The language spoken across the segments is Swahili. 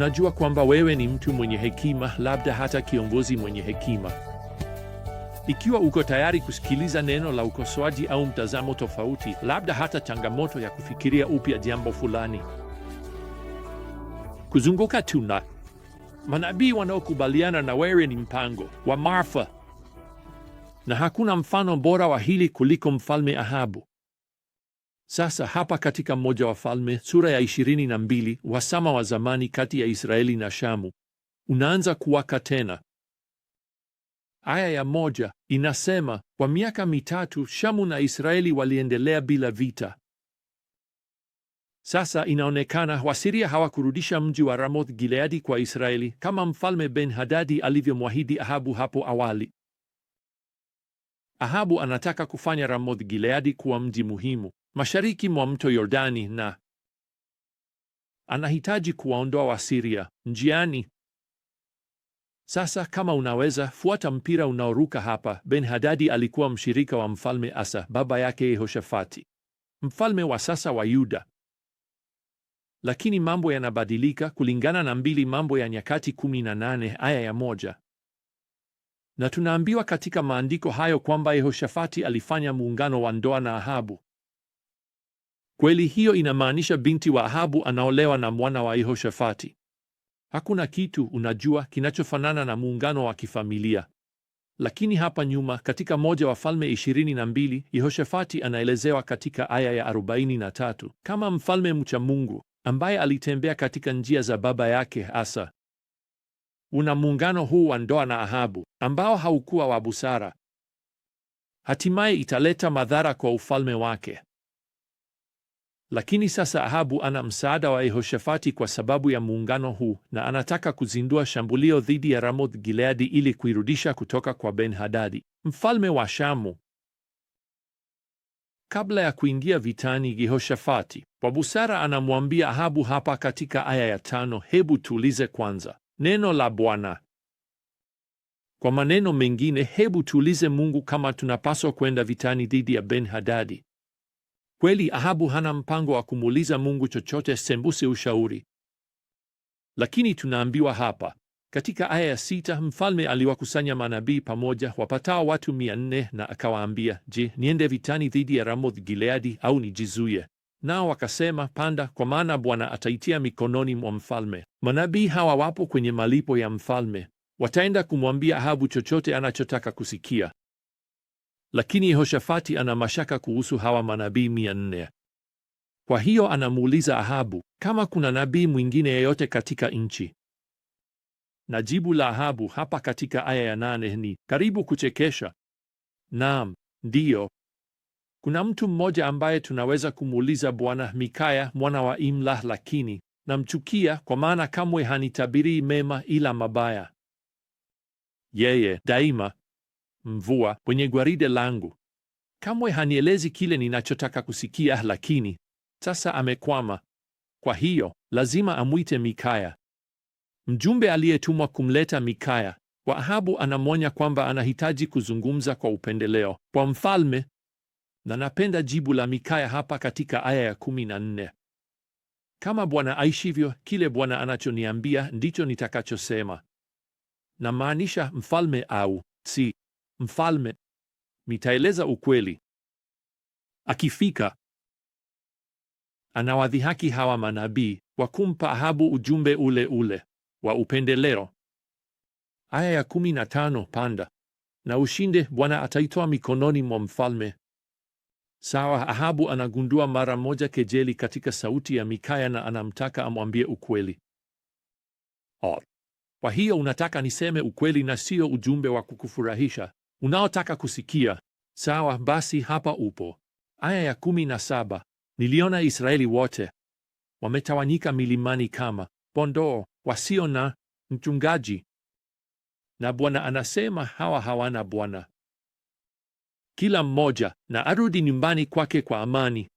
unajua kwamba wewe ni mtu mwenye hekima, labda hata kiongozi mwenye hekima. Ikiwa uko tayari kusikiliza neno la ukosoaji au mtazamo tofauti, labda hata changamoto ya kufikiria upya jambo fulani. Kuzunguka tuna manabii wanaokubaliana na wewe ni mpango wa Marfa, na hakuna mfano bora wa hili kuliko Mfalme Ahabu. Sasa hapa katika mmoja wa Falme sura ya ishirini na mbili wasama wa zamani kati ya Israeli na Shamu unaanza kuwaka tena. Aya ya moja inasema kwa miaka mitatu Shamu na Israeli waliendelea bila vita. Sasa inaonekana Wasiria hawakurudisha mji wa Ramoth Gileadi kwa Israeli kama mfalme Ben Hadadi alivyomwahidi Ahabu hapo awali. Ahabu anataka kufanya Ramoth Gileadi kuwa mji muhimu mashariki mwa mto Yordani na anahitaji kuwaondoa Wasiria njiani. Sasa kama unaweza fuata mpira unaoruka hapa. Ben Hadadi alikuwa mshirika wa mfalme Asa, baba yake Yehoshafati, mfalme wa sasa wa Yuda. Lakini mambo yanabadilika kulingana na mbili Mambo ya Nyakati 18 aya ya moja, na tunaambiwa katika maandiko hayo kwamba Yehoshafati alifanya muungano wa ndoa na Ahabu Kweli hiyo inamaanisha binti wa Ahabu anaolewa na mwana wa Yehoshafati. Hakuna kitu unajua kinachofanana na muungano wa kifamilia. Lakini hapa nyuma katika moja wa Falme 22 Yehoshafati anaelezewa katika aya ya 43 kama mfalme mcha Mungu ambaye alitembea katika njia za baba yake Asa. Una muungano huu wa ndoa na Ahabu ambao haukuwa wa busara, hatimaye italeta madhara kwa ufalme wake. Lakini sasa Ahabu ana msaada wa Yehoshafati kwa sababu ya muungano huu, na anataka kuzindua shambulio dhidi ya Ramoth Gileadi ili kuirudisha kutoka kwa Ben-Hadadi mfalme wa Shamu. Kabla ya kuingia vitani, Yehoshafati kwa busara anamwambia Ahabu hapa katika aya ya tano, hebu tuulize kwanza neno la Bwana. Kwa maneno mengine, hebu tuulize Mungu kama tunapaswa kwenda vitani dhidi ya Ben-Hadadi. Kweli Ahabu hana mpango wa kumuuliza Mungu chochote sembuse ushauri, lakini tunaambiwa hapa katika aya ya sita mfalme aliwakusanya manabii pamoja wapatao watu mia nne na akawaambia, Je, niende vitani dhidi ya Ramoth Gileadi au nijizuie? Nao wakasema, panda, kwa maana Bwana ataitia mikononi mwa mfalme. Manabii hawa wapo kwenye malipo ya mfalme, wataenda kumwambia Ahabu chochote anachotaka kusikia. Lakini Yehoshafati ana mashaka kuhusu hawa manabii mia nne. Kwa hiyo anamuuliza Ahabu kama kuna nabii mwingine yeyote katika nchi, na jibu la Ahabu hapa katika aya ya nane ni karibu kuchekesha. Naam, ndiyo, kuna mtu mmoja ambaye tunaweza kumuuliza Bwana, Mikaya mwana wa Imla, lakini namchukia kwa maana kamwe hanitabiri mema ila mabaya. Yeye daima mvua kwenye gwaride langu. Kamwe hanielezi kile ninachotaka kusikia, lakini sasa amekwama. Kwa hiyo lazima amwite Mikaya. Mjumbe aliyetumwa kumleta Mikaya kwa Ahabu anamwonya kwamba anahitaji kuzungumza kwa upendeleo kwa mfalme, na napenda jibu la Mikaya hapa katika aya ya 14: kama Bwana aishivyo, kile Bwana anachoniambia ndicho nitakachosema. Namaanisha mfalme au si mfalme, nitaeleza ukweli. Akifika anawadhihaki hawa manabii kwa kumpa Ahabu ujumbe ule ule wa upendeleo. Aya ya kumi na tano panda na ushinde, Bwana ataitoa mikononi mwa mfalme. Sawa, Ahabu anagundua mara moja kejeli katika sauti ya Mikaya na anamtaka amwambie ukweli. Or, kwa hiyo unataka niseme ukweli na sio ujumbe wa kukufurahisha? unaotaka kusikia. Sawa, basi hapa upo. Aya ya kumi na saba niliona Israeli wote wametawanyika milimani kama pondoo wasio na mchungaji, na Bwana anasema hawa hawana Bwana. Kila mmoja na arudi nyumbani kwake kwa amani.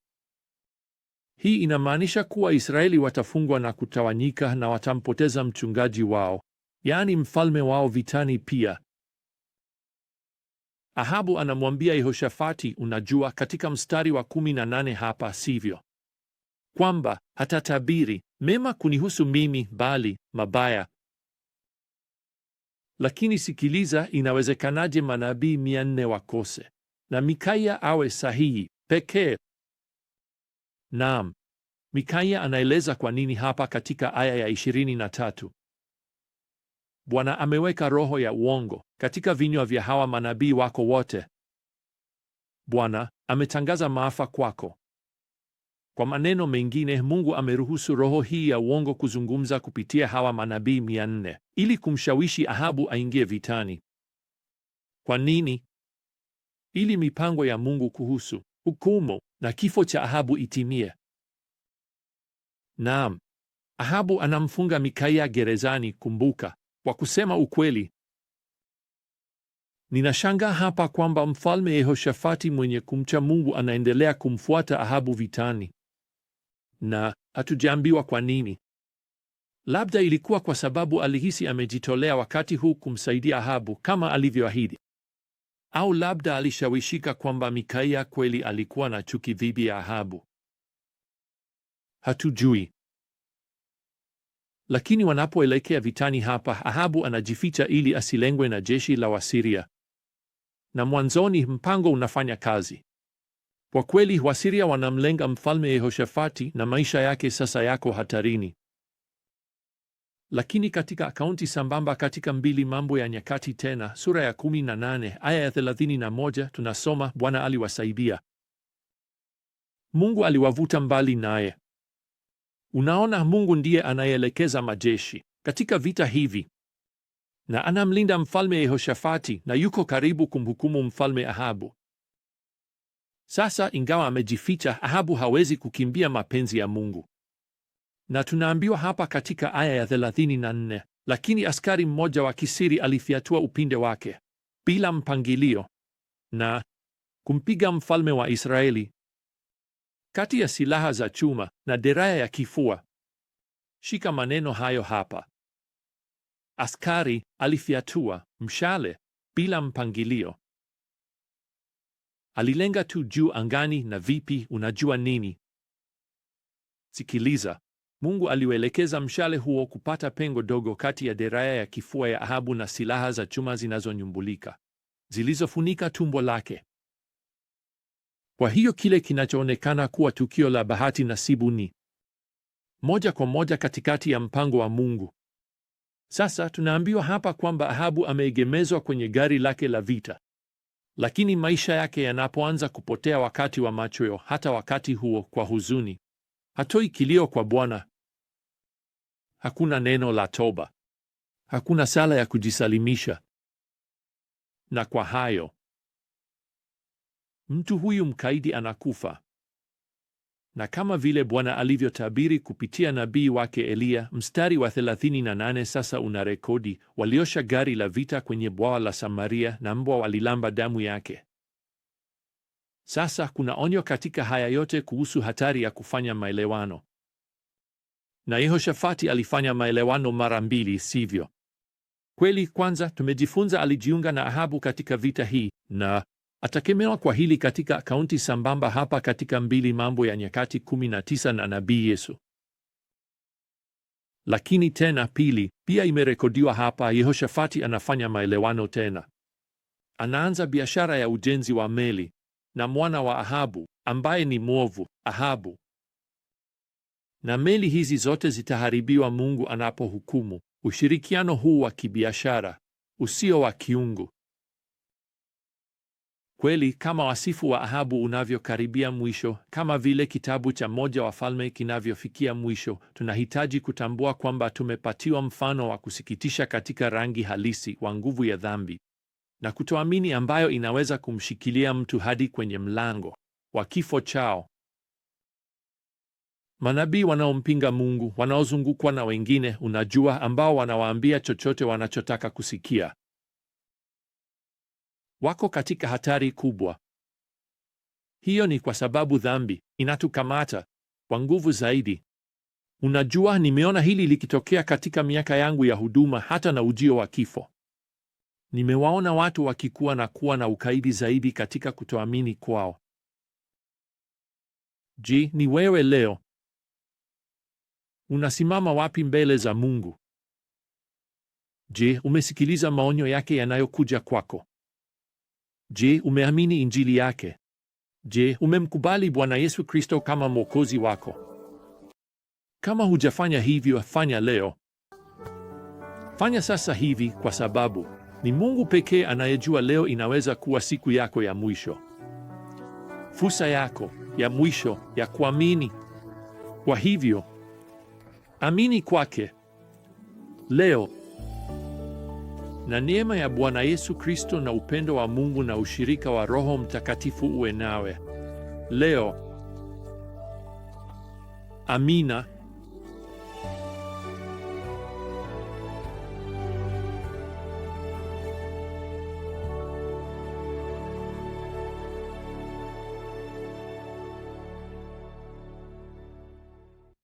Hii inamaanisha kuwa Israeli watafungwa na kutawanyika na watampoteza mchungaji wao, yaani mfalme wao vitani pia. Ahabu anamwambia Yehoshafati, unajua, katika mstari wa kumi na nane hapa, sivyo kwamba hatatabiri mema kunihusu mimi, bali mabaya. Lakini sikiliza, inawezekanaje manabii mia nne wakose na Mikaya awe sahihi pekee? Naam, Mikaya anaeleza kwa nini hapa katika aya ya 23. Bwana ameweka roho ya uongo katika vinywa vya hawa manabii wako wote. Bwana ametangaza maafa kwako. Kwa maneno mengine, Mungu ameruhusu roho hii ya uongo kuzungumza kupitia hawa manabii mia nne ili kumshawishi Ahabu aingie vitani. Kwa nini? Ili mipango ya Mungu kuhusu hukumu na kifo cha Ahabu itimie. Naam, Ahabu anamfunga Mikaya gerezani, kumbuka. Kwa kusema ukweli, ninashangaa hapa kwamba mfalme Yehoshafati mwenye kumcha Mungu anaendelea kumfuata Ahabu vitani, na hatujaambiwa kwa nini. Labda ilikuwa kwa sababu alihisi amejitolea wakati huu kumsaidia Ahabu kama alivyoahidi, au labda alishawishika kwamba Mikaya kweli alikuwa na chuki dhidi ya Ahabu. Hatujui. Lakini wanapoelekea vitani hapa, Ahabu anajificha ili asilengwe na jeshi la Wasiria, na mwanzoni mpango unafanya kazi kwa kweli. Wasiria wanamlenga mfalme Yehoshafati na maisha yake sasa yako hatarini. Lakini katika akaunti sambamba katika mbili Mambo ya Nyakati tena sura ya 18 aya ya 31 tunasoma, Bwana aliwasaidia, Mungu aliwavuta mbali naye. Unaona, Mungu ndiye anayeelekeza majeshi katika vita hivi na anamlinda mfalme Yehoshafati na yuko karibu kumhukumu mfalme Ahabu. Sasa, ingawa amejificha, Ahabu hawezi kukimbia mapenzi ya Mungu, na tunaambiwa hapa katika aya ya 34, lakini askari mmoja wa kisiri alifyatua upinde wake bila mpangilio na kumpiga mfalme wa Israeli kati ya silaha za chuma na deraya ya kifua. Shika maneno hayo hapa. Askari alifyatua mshale bila mpangilio. Alilenga tu juu angani. Na vipi, unajua nini? Sikiliza, Mungu aliuelekeza mshale huo kupata pengo dogo kati ya deraya ya kifua ya Ahabu na silaha za chuma zinazonyumbulika zilizofunika tumbo lake. Kwa hiyo kile kinachoonekana kuwa tukio la bahati nasibu ni moja kwa moja katikati ya mpango wa Mungu. Sasa tunaambiwa hapa kwamba Ahabu ameegemezwa kwenye gari lake la vita, lakini maisha yake yanapoanza kupotea wakati wa machweo, hata wakati huo, kwa huzuni, hatoi kilio kwa Bwana. Hakuna neno la toba, hakuna sala ya kujisalimisha. Na kwa hayo mtu huyu mkaidi anakufa. Na kama vile Bwana alivyotabiri kupitia nabii wake Eliya, mstari wa 38 sasa una rekodi: waliosha gari la vita kwenye bwawa la Samaria na mbwa walilamba damu yake. Sasa kuna onyo katika haya yote kuhusu hatari ya kufanya maelewano. Na Yehoshafati alifanya maelewano mara mbili, sivyo? Kweli, kwanza tumejifunza alijiunga na Ahabu katika vita hii, na Atakemewa kwa hili katika akaunti sambamba hapa katika mbili Mambo ya Nyakati 19 na nabii Yesu. Lakini tena pili, pia imerekodiwa hapa, Yehoshafati anafanya maelewano tena. Anaanza biashara ya ujenzi wa meli na mwana wa Ahabu ambaye ni mwovu Ahabu, na meli hizi zote zitaharibiwa Mungu anapohukumu ushirikiano huu wa kibiashara usio wa kiungu Kweli, kama wasifu wa Ahabu unavyokaribia mwisho, kama vile kitabu cha mmoja Wafalme kinavyofikia mwisho, tunahitaji kutambua kwamba tumepatiwa mfano wa kusikitisha katika rangi halisi wa nguvu ya dhambi na kutoamini ambayo inaweza kumshikilia mtu hadi kwenye mlango wa kifo chao. Manabii wanaompinga Mungu, wanaozungukwa na wengine, unajua, ambao wanawaambia chochote wanachotaka kusikia wako katika hatari kubwa. Hiyo ni kwa sababu dhambi inatukamata kwa nguvu zaidi. Unajua, nimeona hili likitokea katika miaka yangu ya huduma, hata na ujio wa kifo. Nimewaona watu wakikuwa na kuwa na ukaidi zaidi katika kutoamini kwao. Je, ni wewe leo unasimama wapi mbele za Mungu? Je, umesikiliza maonyo yake yanayokuja kwako? Je, umeamini injili yake? Je, umemkubali Bwana Yesu Kristo kama mwokozi wako? Kama hujafanya hivyo, fanya leo. Fanya sasa hivi, kwa sababu ni Mungu pekee anayejua leo inaweza kuwa siku yako ya mwisho, fursa yako ya mwisho ya kuamini. Kwa hivyo amini kwake leo. Na neema ya Bwana Yesu Kristo na upendo wa Mungu na ushirika wa Roho Mtakatifu uwe nawe leo. Amina.